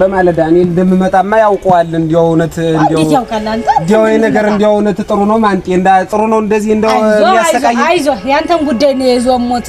በማለዳ እኔ እንደምመጣማ ያውቀዋል። እንዲያው እውነት እንዲያው ነገር እንዲያው እውነት ጥሩ ነው ማንጤ እንዳ ጥሩ ነው እንደዚህ እንደው የሚያሰቃየው። አይዞህ ያንተን ጉዳይ ነው የዞሞት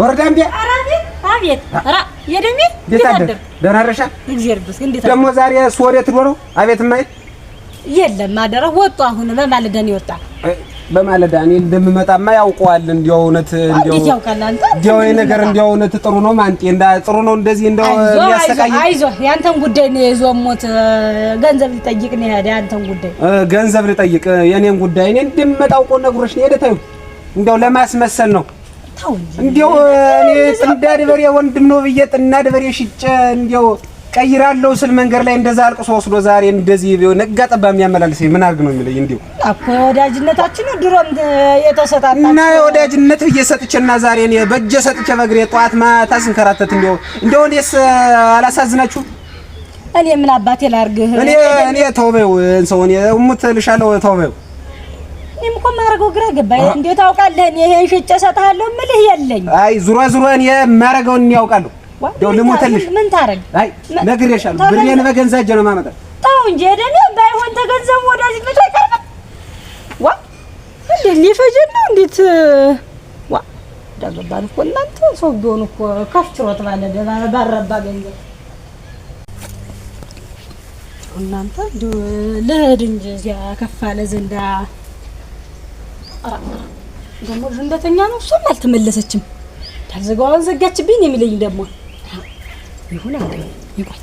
ወረዳ እንዴ! አቤት! ኧረ የደሜ እንዴት አደርክ? ደህና አደረሻ? እግዚአብሔር ይመስገን። እንዴት ደግሞ ዛሬ ሶሬት ሆኖ ነው? አቤት ማይ የለም። አደረ ወጡ። አሁን በማለዳ ነው የወጣ። በማለዳ እኔ እንደምመጣማ ያውቀዋል። እንዲያው እውነት እንዲያው ነገር እንዲያው እውነት ጥሩ ነው። ማንጤ እንዳ ጥሩ ነው። እንደዚህ እንደው የሚያሰቃይ አይዞ ያንተን ጉዳይ ነው የዞ ሞት ገንዘብ ልጠይቅ ነው ያደ ያንተን ጉዳይ ገንዘብ ልጠይቅ የኔን ጉዳይ እኔ እንደምመጣው ቆ ነግሮሽ ነው የሄደ ታዩ። እንዲያው ለማስመሰል ነው እንዲያው እኔ በሬ ወንድም ነው ብዬ ሽጬ እንዲያው ቀይራለሁ ስል መንገድ ላይ እንደዛ አልቅሶ ወስዶ ዛሬ እንደዚህ ነጋ ጠባ የሚያመላልሰኝ ምን አድርግ ነው የሚለኝ? እንዲሁ እኮ የወዳጅነታችን ድሮም የተሰጣጣ እና የወዳጅነት ብዬ ሰጥቼና ዛሬ እኔ በእጄ ሰጥቼ በእግሬ ጠዋት ማታ ስንከራተት እኔስ እኔ ምን አባቴ እኔ እኔ ተው በይው እኔ እሙት ተው በይው እኔም እኮ የማደርገው ግራ ገባኝ። እንዴት ታውቃለህ? እኔ ይሄን ሽጬ እሰጥሃለሁ የምልህ የለኝ። አይ ዙሯ ዙሯን የማደርገውን ያውቃሉ። እንደው ልሞትልሽ። ምን ታደርግ? አይ ነግሬሻለሁ። ብሬን በገንዛ እጄ ነው የማመጣው። ተው እንጂ ሄደን ባይሆን ተገንዘቡ ወደዚህ ልጅ አይቀርም። ዋ እንዴት ሊፈጀን ነው? እንዴት ዋ ዳገባን እኮ እናንተ ሰው ቢሆን እኮ ከፍትሮት ባለ ባረባ ገንዘብ እናንተ ልሂድ እንጂ እዚያ ከፍ አለ ዘንዳ ደግሞ እንደተኛ ነው። እሷም አልተመለሰችም። እንዳልዘጋዋን ዘጋችብኝ የሚለኝ ደግሞ ይሁን አለ ይጓቸ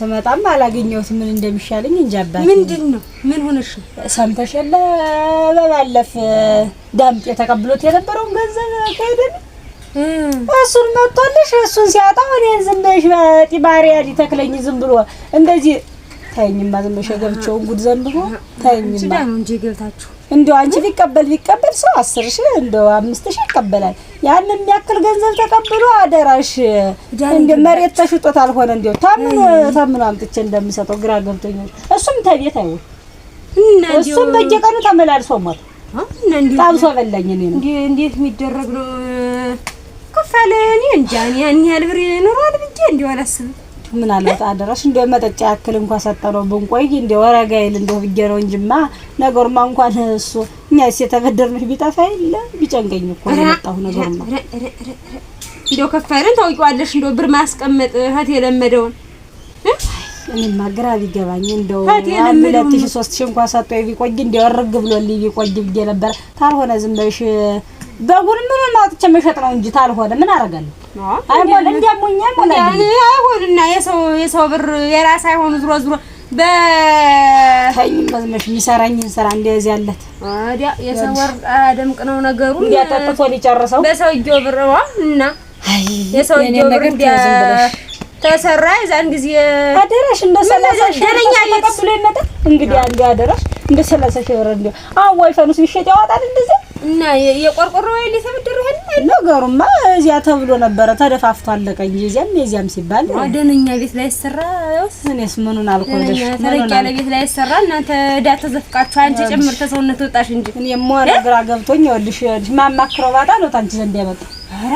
ስመጣም አላገኘሁት። ምን እንደሚሻለኝ እንጃባ። ምንድን ነው? ምን ሆነሽ? ሰምተሽ የለ በባለፍ ዳምጤ ተቀብሎት የነበረውን ገንዘብ ከሄደን እሱን መጥቶልሽ እሱን ሲያጣው እኔን ዝም በሽ ባሪ ሊተክለኝ ዝም ብሎ እንደዚህ ታይኝማ ዝም ብለሽ የገብቼውን ጉድ ዘንድሮ ታይኝማ እንጂ ገብታችሁ እንደው አንቺ ቢቀበል ቢቀበል ሰው አስር ሺህ እንደው አምስት ሺህ ይቀበላል። ያን የሚያክል ገንዘብ ተቀብሎ አደራሽ እንደ መሬት ተሽጦት አልሆነ እንደው ታምኖ ታምኖ አምጥቼ እንደምሰጠው ግራ ገብቶኛል። እሱም ተቤት አይው እሱም በየቀኑ ተመላልሶ ሞት ጣብሶ በላኝ። እኔ ነው እንዴት የሚደረግ ነው ከፋለ እኔ እንጃ ያን ያህል ብር ይኖረዋል ብዬ እንዲሁ አላስብም። ምን ምናልባት አደራሽ እንደ መጠጫ ያክል እንኳን ሰጠነው ብንቆይ እንደ ወረጋ ይል እንደ ብዬ ነው እንጂማ ነገርማ እንኳን እሱ እኛ እኛስ የተበደርነው ቢጠፋ የለ ቢጨንገኝ እኮ ነው የመጣሁ ነገርማ እንደው ከፈልን ታውቂዋለሽ እንደው ብር ማስቀመጥ እህት የለመደውን እኔማ ግራ ቢገባኝ እንደው አንድ ሁለት ሺህ ሦስት ሺህ እንኳን ሰጠው ቢቆይ እንደው እርግ ብሎልኝ ቢቆይ ብዬ ነበር። ካልሆነ ዝም በልሽ በጉን ምኑን አውጥቼ መሸጥ ነው እንጂ ታልሆነ ምን አደርጋለሁ? አይሆን እንዲያሙኛም ሆነ አይሆንና የሰው የሰው ብር የራስ አይሆን ዝሮ ዝሮ በተኝም መዝመሽ የሚሰራኝን ስራ እንደዚህ ያለት አዲያ የሰው ወር አደምቅ ነው ነገሩ እንዲያጠጥቶ ሊጨርሰው በሰው በሰውዬው ብር ዋ የሰው የሰውዬው ብር እንዲያ ተሰራ የዛን ጊዜ አደረሽ እንደ ሰላሳ ደረኛ ተቀብሎ ይመጣ እንግዲህ አንዱ አደረሽ እንደ ሰላሳ ሺህ ብር እንዲ አዋይፈኑስ ቢሸጥ ያወጣል እንደዚህ እና የቆርቆሮ ወይ ሊሰብድሩ ነገሩማ እዚያ ተብሎ ነበረ ተደፋፍቶ አለቀ እንጂ እዚያም የዚያም ሲባል ደነኛ ቤት ላይ ሰራ። እኔስ ምኑን አልኮልሽ ተረቅ ያለ ቤት ላይ ሰራ። እናንተ እዳ ተዘፍቃችሁ አንቺ ጭምር ተሰውነት ወጣሽ እንጂ እኔማ ግራ ገብቶኝ ይኸውልሽ ይኸውልሽ ማማክረው ባጣ ነው ታንቺ ዘንድ ያመጣ ኧረ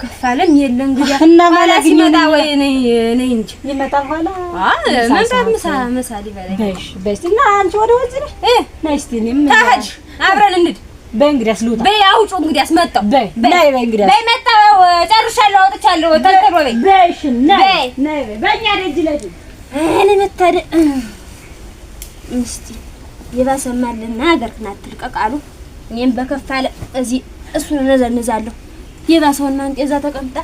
ከፍ የለ እንግዲህ እና ማለት ሲመጣ ወይ ነይ ነይ እንጂ ይመጣል። ኋላ አይ መንታት ምሳ ምሳ ሊበላኝ በሽ በሽ እና አንቺ ወደ ወንዝ ነሽ እ ነይ እስቲ እኔም አብረን እንሂድ በእንግዲያስ ልውጣ በይ አውጪ። እንግዲያስ መጣሁ በይ ነይ በይ እንግዲያስ በይ መጣሁ ጨርሻለሁ፣ አውጥቻለሁ። በይ በይ እሺ ነይ ነይ በእኛ ደጅ ለዚህ እኔ መታደ እስቲ የባሰማልና ሀገርክን አትልቀቅ አሉ። እኔም በከፍ እዚህ እሱን እነዘንዛለሁ። የባሰውን ማንጤዛ ተቀምጣ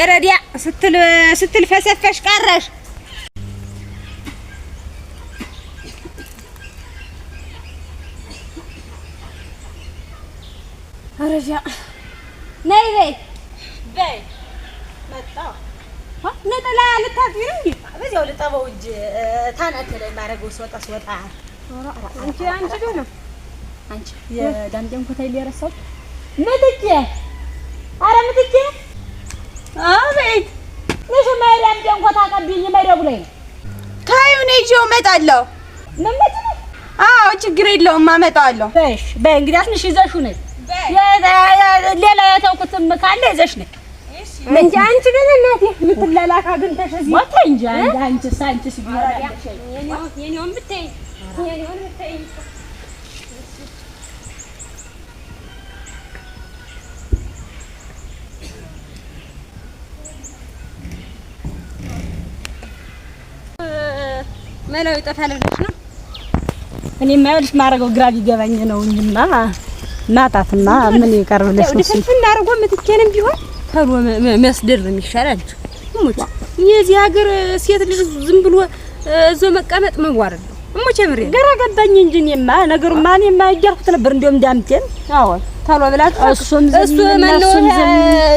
ኧረ ዲያ ስትል ስትል ፈሰፈሽ ቀረሽ። አረጃ ነይ በይ በይ መጣሁ። ነጠላ ልታጥቢ ነው? በዚያው ልጠበው እንጂ ታናተለ የማደርገው ስወጣ ስወጣ አንቺ አንቺ ዶ ነው አንቺ የዳንጤን ኮታይ ሊረሳው ምትኬ፣ አረ ምትኬ አቤት ነሽ ማይራም ደንኮታ ቀብኝ መደቡ ላይ ታዩ ነው ይዤው እመጣለሁ። አዎ ችግር የለውም አመጣዋለሁ። እሺ በይ እንግዲህ አስንሽ ይዘሽው ነይ ሌላ የተውኩትም ካለ ይዘሽ ነይ እንጂ አንቺ ግን እናቴ የምትላላካ ግን ተሸዚህ ይጠፋል ብለሽ ነው እኔ የማይወድሽ ማድረገው ግራ ቢገባኝ ነው እንጂማ ማጣትና ምን ይቀርብልሽ? ነው ፍና አርጎ ምትኬንም ቢሆን ተሎ መስደር ነው የሚሻላል። እሙት የዚህ ሀገር ሴት ልጅ ዝም ብሎ እዞ መቀመጥ መዋር ነው። እሙቼ ምሬ ገራ ገባኝ እንጂ እኔማ ነገሩ ማን የማያጀርኩት ነበር። እንደውም ዳምቴን አዎ፣ ተሎ ብላት እሱም እሱ ማነው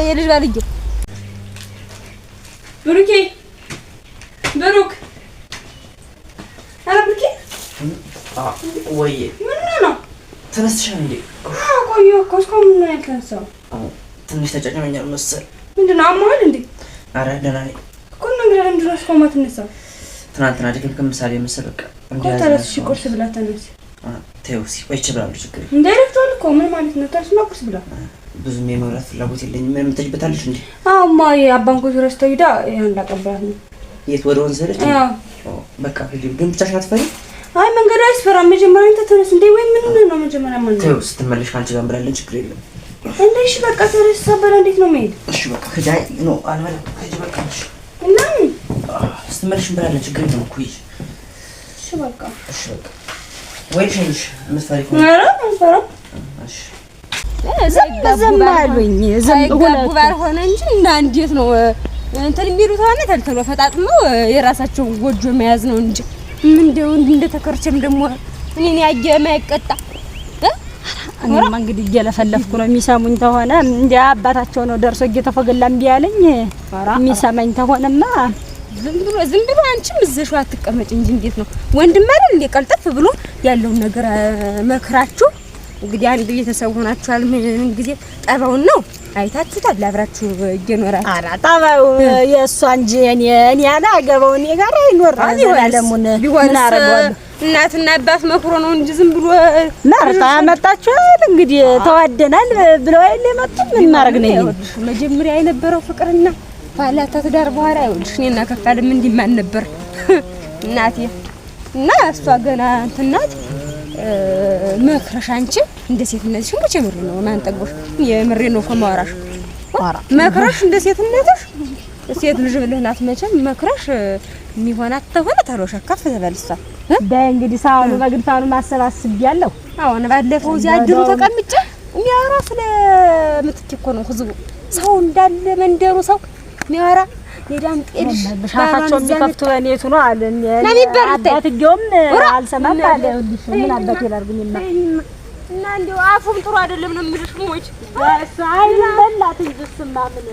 የልጅ ባልጅ ብሩኬ ብሩክ አረ ብሩኬ ወይ ምን ነው ተነስሻል እንዴ? ቆየሁ እኮ እስካሁን ምን አይተነሳው። ትንሽ ተጨጨመኛል መሰል። ምንድን ነው አሞሃል እንዴ? አረ ደህና ነኝ እኮ። እንግዲህ ለምንድን ነው እስካሁን ማትነሳው? ትናንትና ድግምግም ምሳሌ መሰል በቃ እንዴ። ተነስሽ ቁርስ ብላ ተነስ። ተይው እስኪ ቆይቼ እብላለሁ። ችግር እንዳይረፍቷል እኮ ምን ማለት ነው? ተነስና ቁርስ ብላ። ብዙም የመብላት ፍላጎት የለኝም። ምን የምታጅበታለሽ እንዴ? አማ የአባንኮ ረስተው ሂዳ ያን ላቀብላት ነው። የት ወደ ወንዝ ሄደች? በቃ ግን ብቻሽን አትፈሪም? አይ መንገዱ አያስፈራም። መጀመሪያ አንተ ተነስ እንዴ ወይ ነው መጀመሪያ ምን ነው ስትመለሽ አልችልም ብላለች። ችግር የለም እንዴ በቃ ሰረስ ሰበረ እንዴት ነው መሄድ? እሺ በቃ ከዳይ ነው አልበላ ከጂ በቃ እሺ እና ስትመለሽ ብላለች። ችግር የለም እኮ ይሄ እሺ በቃ እሺ በቃ ወይ ሸንሽ መስፈሪ ኮ ኧረ መስፈራ እሺ ዝም ዝም አሉኝ ዝም ጉባር እንጂ እና እንዴት ነው እንትን የሚሉት ሆነ ተልተሎ ፈጣጥመው የራሳቸውን ጎጆ መያዝ ነው እንጂ ምን እንደው እንደተከርቸም ደግሞ እኔን ያየ ማይቀጣ እኔማ እንግዲህ እየለፈለፍኩ ነው። የሚሰሙኝ ተሆነ እንደ አባታቸው ነው ደርሶ እየተፈገላ እምቢ አለኝ። የሚሰማኝ ተሆነማ ዝም ብሎ ዝም ብሎ አንቺም እዚህ አትቀመጭ እንጂ እንዴት ነው ወንድም አይደል እንደ ቀልጠፍ ብሎ ያለውን ነገር መክራችሁ እንግዲህ አንድ ቤተሰብ ሆናችኋል። ምን ጊዜ ጠባውን ነው አይታችሁታል። አብራችሁ እየኖራችሁ ኧረ ጠባው የእሷ እንጂ እኔ እኔ ያለ እኔ ጋር አይኖርም። አለሙን ቢሆን እናትና አባት መክሮ ነው እንጂ ዝም ብሎ ማርታ መጣችኋል። እንግዲህ ተዋደናል ብለው አይደል የመጡት። ምን ማድረግ ነው መጀመሪያ የነበረው ፍቅርና ኋላ ተትዳር በኋላ ይኸውልሽ እኔና ከፋለም እንዲማን ነበር እናቴ እና እሷ ገና እንትን ናት መክረሽ አንቺ እንደ ሴትነትሽ መቼ የምሬ ነው ማን ጠግቦሽ የምሬ ነው እኮ መክረሽ እንደ ሴትነትሽ ሴት ልጅ ብልህ ናት መቼም መክረሽ የሚሆናት ተሆነ ታሎሽ ከፍ ተበልሷል በይ እንግዲህ ሳሉ በግድፋኑ ማሰባስብ ያለው አሁን ባለፈው እዚያ አድሩ ተቀምጬ የሚያወራ ስለ ምትክ እኮ ነው ህዝቡ ሰው እንዳለ መንደሩ ሰው የሚያወራ የዳም ጤልሽ ሻታቸው የሚከፍቱ በኔቱ ነው አለ አባትየውም አልሰማም አለ። ምን አባቴ ላድርግኝማ እና እንዲያው አፉም ጥሩ አይደለም ነው የምልሽ። ሞች አይበላት እንጂ እሱማ ምን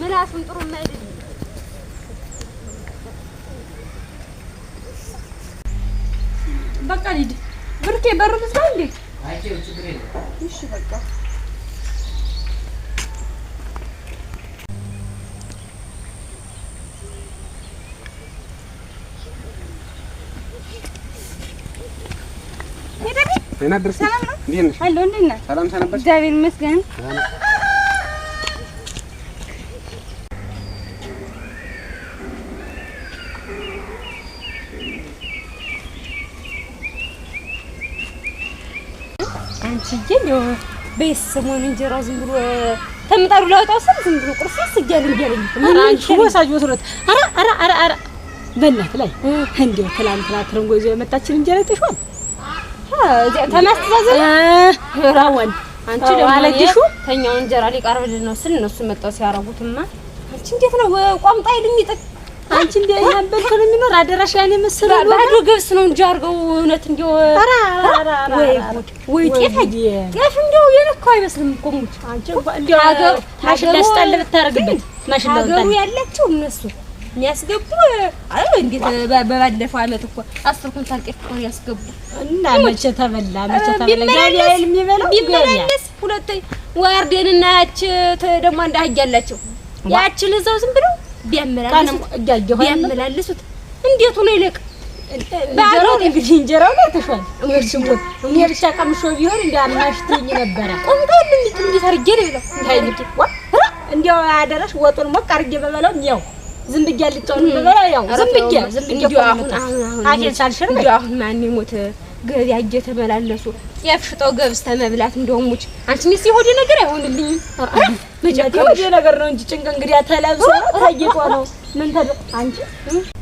ምላሱም ጥሩ አይደለም። በቃ ልሂድ ብርኬ፣ በሩን እዛው እንዴ። እሺ በቃ ደህና ደርስ። እንዴት ነሽ? አለሁ። እንዴት ነሽ? ሰላም ሰነበትሽ? እግዚአብሔር ይመስገን። አንቺዬ እንደው በየት ሰሞኑን እንጀራ ዝም ብሎ ተምጣሩ ላወጣው ስል ዝም ብሎ ቁርስ እያለኝ እያለኝ አንቺ ወሳጅ ወስረት ኧረ በእናትህ ላይ እንደው ትላንትና ትርንጎ ይዘው የመጣችን እንጀራ ይተሽዋል ተመስተዘዝራወን አንቺ ደማለዲሹ ተኛው እንጀራ ሊቀርብልን ነው ስል እነሱ መጣው ሲያረጉትማ አንቺ እንዴት ነው ቋምጣ ይልሚጥቅ አንቺ እንደ ያንበል ነው የሚኖር አደራሽ ያኔ መሰለ ባዶ ገብስ ነው እንጂ አድርገው እውነት እንደው ወይ ወይ ጤፍ ጤፍ እንደው የነካ አይመስልም እኮ ሙት አንቺ እንደው ሀገር ማሽላ ብታረግበት ማሽላ ሀገሩ እነሱ የሚያስገቡ አይ እንዴት በባለፈው አመት እኮ አስር ኩንታል ጤፍ እኮ ያስገቡ እና መቼ ተበላ መቼ ተበላ ጋር የሚበላው ቢመለስ ሁለት ዋርዴንና ያች ደግሞ አንድ አህያ አላቸው ያችን እዛው ዝም ብለው ቢያመላልሱት እንዴት ሆኖ ይለቅ ባለው እንግዲህ እንጀራው ላይ ተሻለ ወርሽም እኔ ብቻ ቀምሾ ቢሆን እንደ ነበረ ቆንጆ ልጅ እንዴት አድርጌ ነው ይለው እንዳይልቅ አደረሽ ወጡን ሞቅ አድርጌ በበለው ያው ዝም ብዬሽ አልጫወት ነበረ። ያው ዝም ብዬሽ ዝም ብዬሽ አሁን አሁን ሳልሽር ነው አሁን ማን ሞት ገበያ እየተመላለሱ ጤፍ ገብስ ተመብላት እንደውም ውጭ አንቺ ሚስት የሆዴ ነገር አይሆንልኝም። መጀመሪያ የሆዴ ነገር ነው እንጂ ጭንቅ እንግዲህ ተለብሶ ታጌጧ ነው ምን ተደ አንቺ